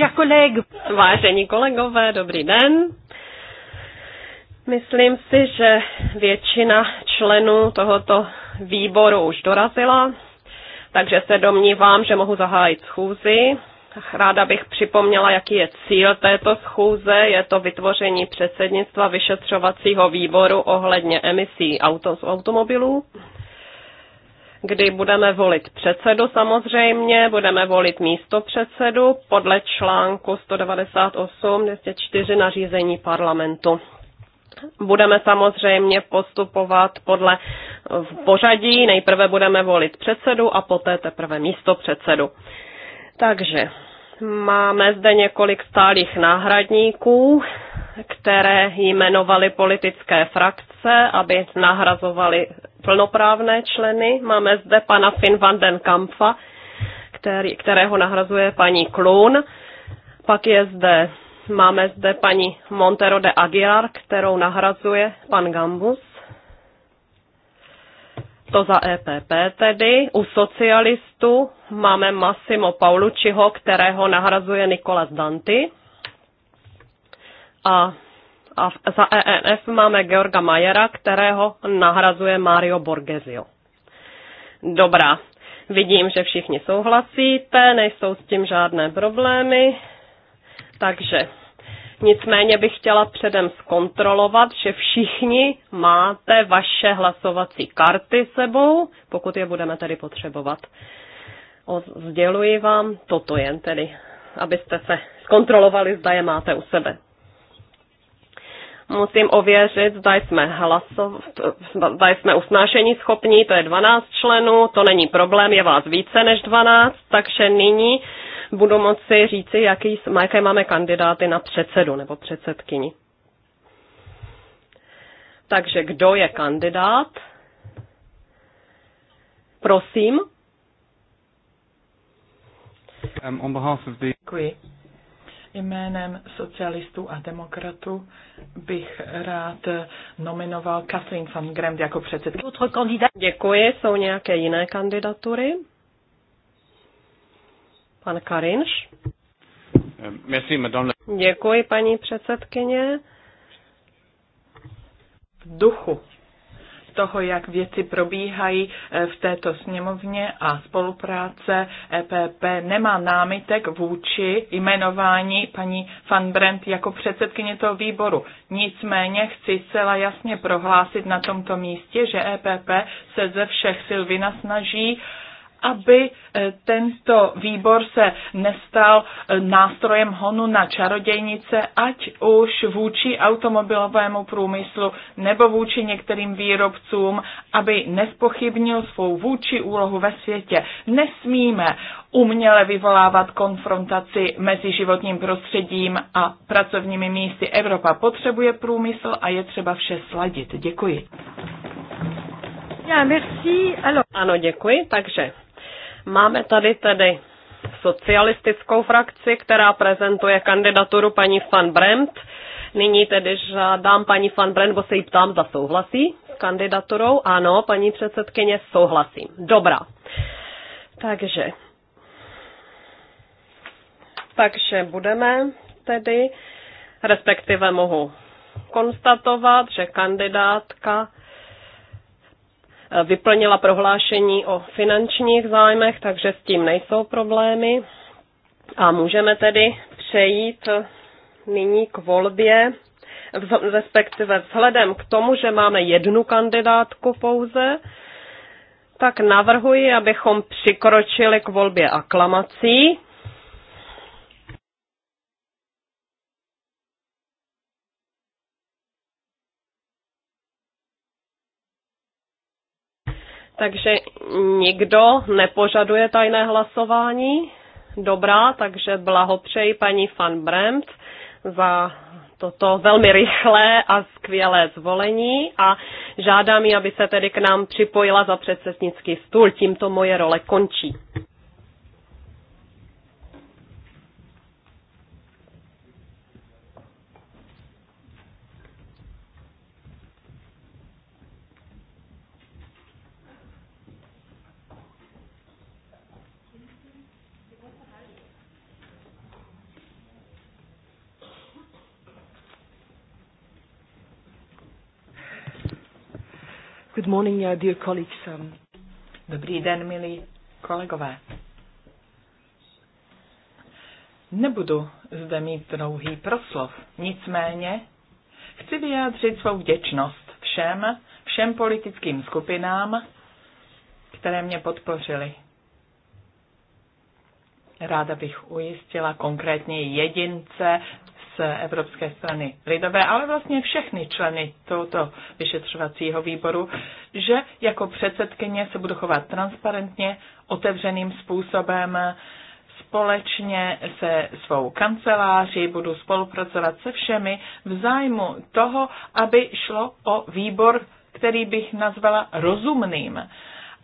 chers collègues. Vážení kolegové, dobrý den. Myslím si, že většina členů tohoto výboru už dorazila, takže se domnívám, že mohu zahájit schůzi. Ráda bych připomněla, jaký je cíl této schůze. Je to vytvoření předsednictva vyšetřovacího výboru ohledně emisí auto z automobilů kdy budeme volit předsedu samozřejmě, budeme volit místo předsedu podle článku 198 204 nařízení parlamentu. Budeme samozřejmě postupovat podle v pořadí, nejprve budeme volit předsedu a poté teprve místo předsedu. Takže máme zde několik stálých náhradníků, které jmenovali politické frakce, aby nahrazovali plnoprávné členy. Máme zde pana Finn van den Kampfa, který, kterého nahrazuje paní Klun. Pak je zde, máme zde paní Montero de Aguilar, kterou nahrazuje pan Gambus. To za EPP tedy. U socialistů máme Massimo Paulučiho, kterého nahrazuje Nikolas Danti. A a za ENF máme Georga Majera, kterého nahrazuje Mario Borgesio. Dobrá. Vidím, že všichni souhlasíte, nejsou s tím žádné problémy. Takže nicméně bych chtěla předem zkontrolovat, že všichni máte vaše hlasovací karty sebou, pokud je budeme tedy potřebovat. O, sděluji vám toto jen tedy, abyste se zkontrolovali, zda je máte u sebe musím ověřit, zda jsme, hlasov, zda jsme usnášení schopní, to je 12 členů, to není problém, je vás více než 12, takže nyní budu moci říci, jaký, jaké máme kandidáty na předsedu nebo předsedkyni. Takže kdo je kandidát? Prosím. Um, on behalf of the... Děkuji. Jménem socialistů a demokratů bych rád nominoval Kathleen van Grand jako předsedkyni. Děkuji. Jsou nějaké jiné kandidatury? Pan Karinš. Děkuji, paní předsedkyně. V duchu toho, jak věci probíhají eh, v této sněmovně a spolupráce EPP nemá námitek vůči jmenování paní Van Brent jako předsedkyně toho výboru. Nicméně chci zcela jasně prohlásit na tomto místě, že EPP se ze všech sil vynasnaží snaží aby eh, tento výbor se nestal eh, nástrojem honu na čarodějnice, ať už vůči automobilovému průmyslu nebo vůči některým výrobcům, aby nespochybnil svou vůči úlohu ve světě. Nesmíme uměle vyvolávat konfrontaci mezi životním prostředím a pracovními místy. Evropa potřebuje průmysl a je třeba vše sladit. Děkuji. Já, merci. Ano, děkuji. Takže Máme tady tedy socialistickou frakci, která prezentuje kandidaturu paní van Bremt. Nyní tedy žádám paní van Bremt, bo se jí ptám, zda souhlasí s kandidaturou. Ano, paní předsedkyně, souhlasím. Dobrá. Takže. Takže budeme tedy, respektive mohu konstatovat, že kandidátka vyplnila prohlášení o finančních zájmech, takže s tím nejsou problémy. A můžeme tedy přejít nyní k volbě, respektive vzhledem k tomu, že máme jednu kandidátku pouze, tak navrhuji, abychom přikročili k volbě aklamací. Takže nikdo nepožaduje tajné hlasování. Dobrá, takže blahopřeji paní Van Bremt za toto velmi rychlé a skvělé zvolení a žádám ji, aby se tedy k nám připojila za předsednický stůl. Tímto moje role končí. Good morning, uh, dear colleagues. Um, Dobrý den, milí kolegové. Nebudu zde mít dlouhý proslov, nicméně chci vyjádřit svou vděčnost všem, všem politickým skupinám, které mě podpořily. Ráda bych ujistila konkrétně jedince, Evropské strany lidové, ale vlastně všechny členy tohoto vyšetřovacího výboru, že jako předsedkyně se budu chovat transparentně, otevřeným způsobem, společně se svou kanceláří budu spolupracovat se všemi v zájmu toho, aby šlo o výbor, který bych nazvala rozumným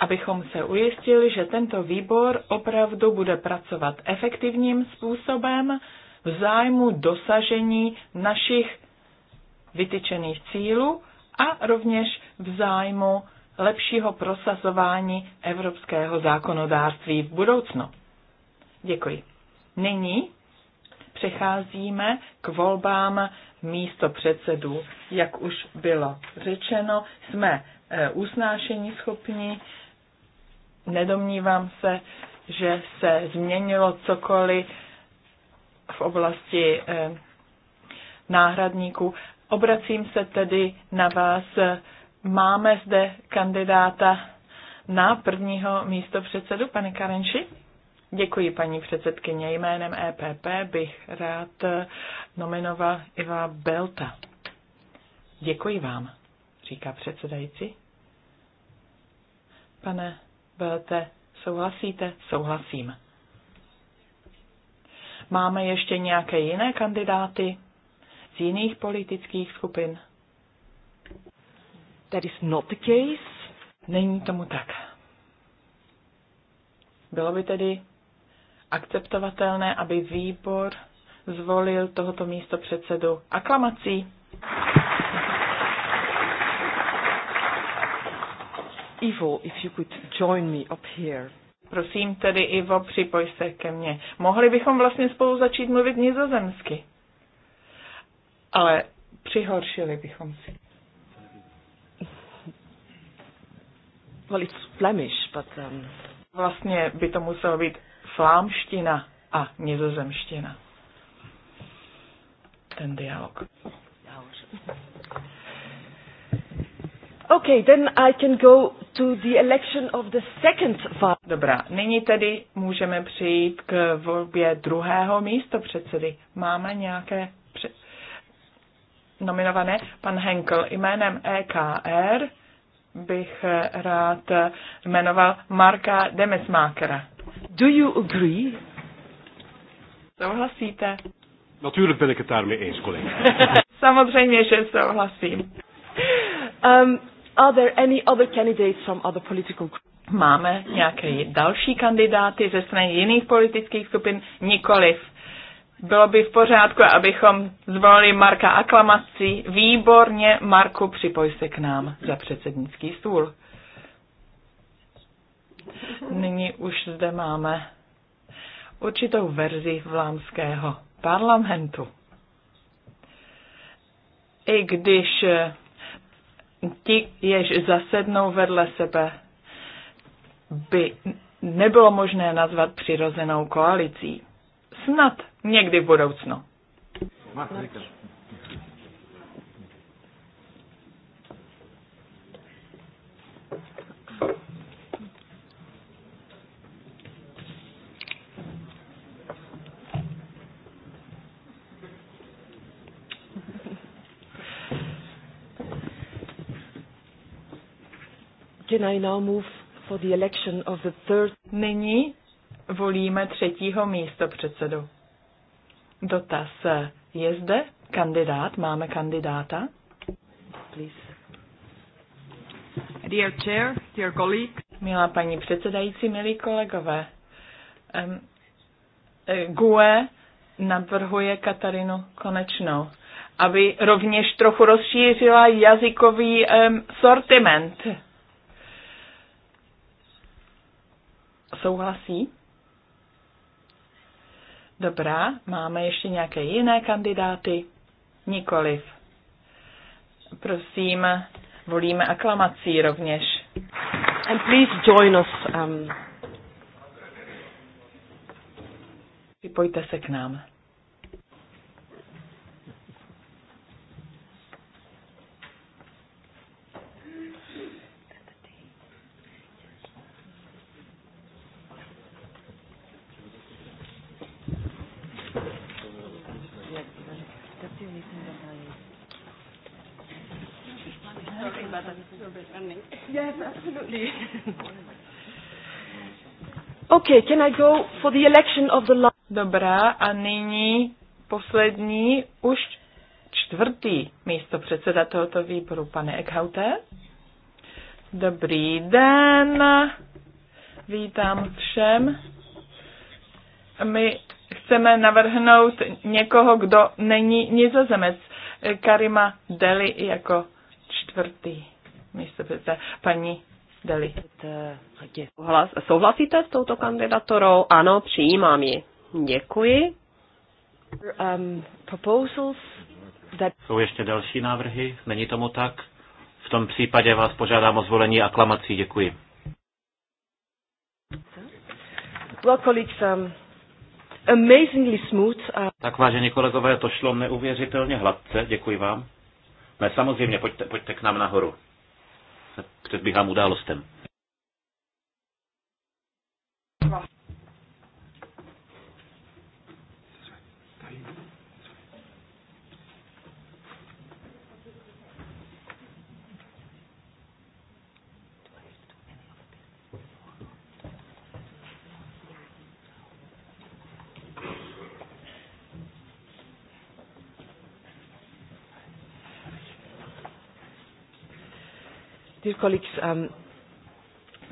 abychom se ujistili, že tento výbor opravdu bude pracovat efektivním způsobem, v zájmu dosažení našich vytyčených cílů a rovněž v zájmu lepšího prosazování evropského zákonodárství v budoucnu. Děkuji. Nyní přecházíme k volbám místo předsedů. Jak už bylo řečeno, jsme e, usnášení schopni. Nedomnívám se, že se změnilo cokoliv v oblasti eh, náhradníků. Obracím se tedy na vás. Máme zde kandidáta na prvního místo předsedu, pane Karenši? Děkuji, paní předsedkyně. Jménem EPP bych rád eh, nominoval Iva Belta. Děkuji vám, říká předsedající. Pane Belte, souhlasíte? Souhlasím. Máme ještě nějaké jiné kandidáty z jiných politických skupin? That is not the case. Není tomu tak. Bylo by tedy akceptovatelné, aby výbor zvolil tohoto místo předsedu aklamací. Ivo, if you could join me up here. Prosím tedy, Ivo, připoj se ke mně. Mohli bychom vlastně spolu začít mluvit nizozemsky. Ale přihoršili bychom si. Well, it's Flemish, but, um... Vlastně by to muselo být flámština a nizozemština. Ten dialog. Já už. Okay, then I can go to the election of the second vice. Dobrá, nyní tedy můžeme přejít k volbě druhého místo předsedy. Máme nějaké pře- nominované? Pan Henkel jménem EKR bych rád jmenoval Marka Demesmakera. Do you agree? Souhlasíte? Natuurlijk ben ik het daarmee eens, collega. Samozřejmě, že souhlasím. Um, Are there any other candidates from other political groups? Máme nějaké další kandidáty ze strany jiných politických skupin? Nikoliv. Bylo by v pořádku, abychom zvolili Marka aklamací. Výborně, Marku, připoj se k nám za předsednický stůl. Nyní už zde máme určitou verzi vlámského parlamentu. I když ti, jež zasednou vedle sebe, by nebylo možné nazvat přirozenou koalicí. Snad někdy v budoucnu. Máte Nyní volíme třetího místo předsedu. Dotaz. Je zde kandidát? Máme kandidáta? Please. Dear chair, dear colleague. Milá paní předsedající, milí kolegové. Um, GUE navrhuje Katarinu Konečnou, aby rovněž trochu rozšířila jazykový um, sortiment Souhlasí? Dobrá, máme ještě nějaké jiné kandidáty? Nikoliv. Prosím, volíme aklamací rovněž. And please join us. Um... Připojte se k nám. absolutely. okay, can I go for the election of the last... Dobrá, a nyní poslední, už čtvrtý místo předseda tohoto výboru, pane Eckhaute. Dobrý den, vítám všem. My chceme navrhnout někoho, kdo není nizozemec. Karima Deli jako čtvrtý místo paní Deli. Souhlasíte s touto kandidatorou? Ano, přijímám ji. Děkuji. Um, Jsou ještě další návrhy? Není tomu tak? V tom případě vás požádám o zvolení aklamací. Děkuji. Um, amazingly smooth. Uh, tak vážení kolegové, to šlo neuvěřitelně hladce. Děkuji vám. Ne, samozřejmě, pojďte, pojďte k nám nahoru předbíhám událostem. Dear colleagues, um,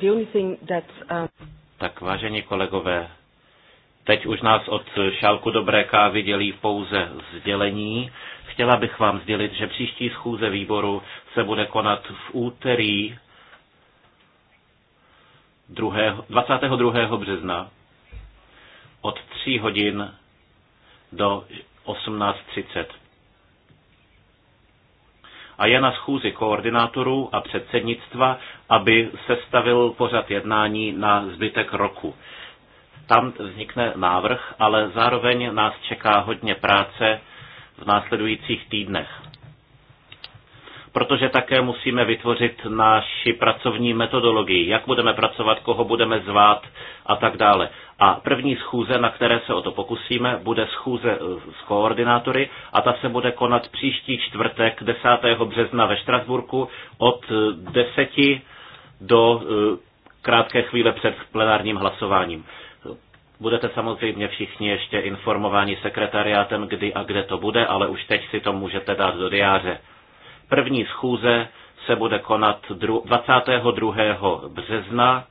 the only thing that, um... Tak vážení kolegové, teď už nás od šálku dobré kávy dělí pouze sdělení. Chtěla bych vám sdělit, že příští schůze výboru se bude konat v úterý 2. 22. března od 3 hodin do 18.30 a je na schůzi koordinátorů a předsednictva, aby sestavil pořad jednání na zbytek roku. Tam vznikne návrh, ale zároveň nás čeká hodně práce v následujících týdnech protože také musíme vytvořit naši pracovní metodologii, jak budeme pracovat, koho budeme zvát a tak dále. A první schůze, na které se o to pokusíme, bude schůze eh, s koordinátory a ta se bude konat příští čtvrtek 10. března ve Štrasburku od 10 eh, do eh, krátké chvíle před plenárním hlasováním. Budete samozřejmě všichni ještě informováni sekretariátem, kdy a kde to bude, ale už teď si to můžete dát do diáře. První schůze se bude konat 22. března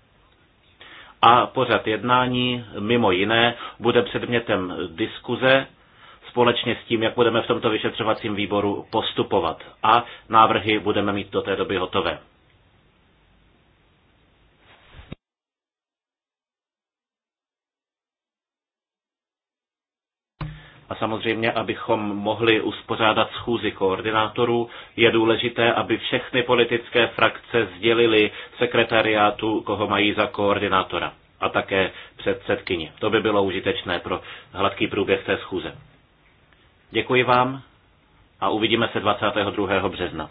a pořad jednání mimo jiné bude předmětem diskuze společně s tím, jak budeme v tomto vyšetřovacím výboru postupovat. A návrhy budeme mít do té doby hotové. A samozřejmě, abychom mohli uspořádat schůzi koordinátorů, je důležité, aby všechny politické frakce sdělili sekretariátu, koho mají za koordinátora a také předsedkyni. To by bylo užitečné pro hladký průběh té schůze. Děkuji vám a uvidíme se 22. března.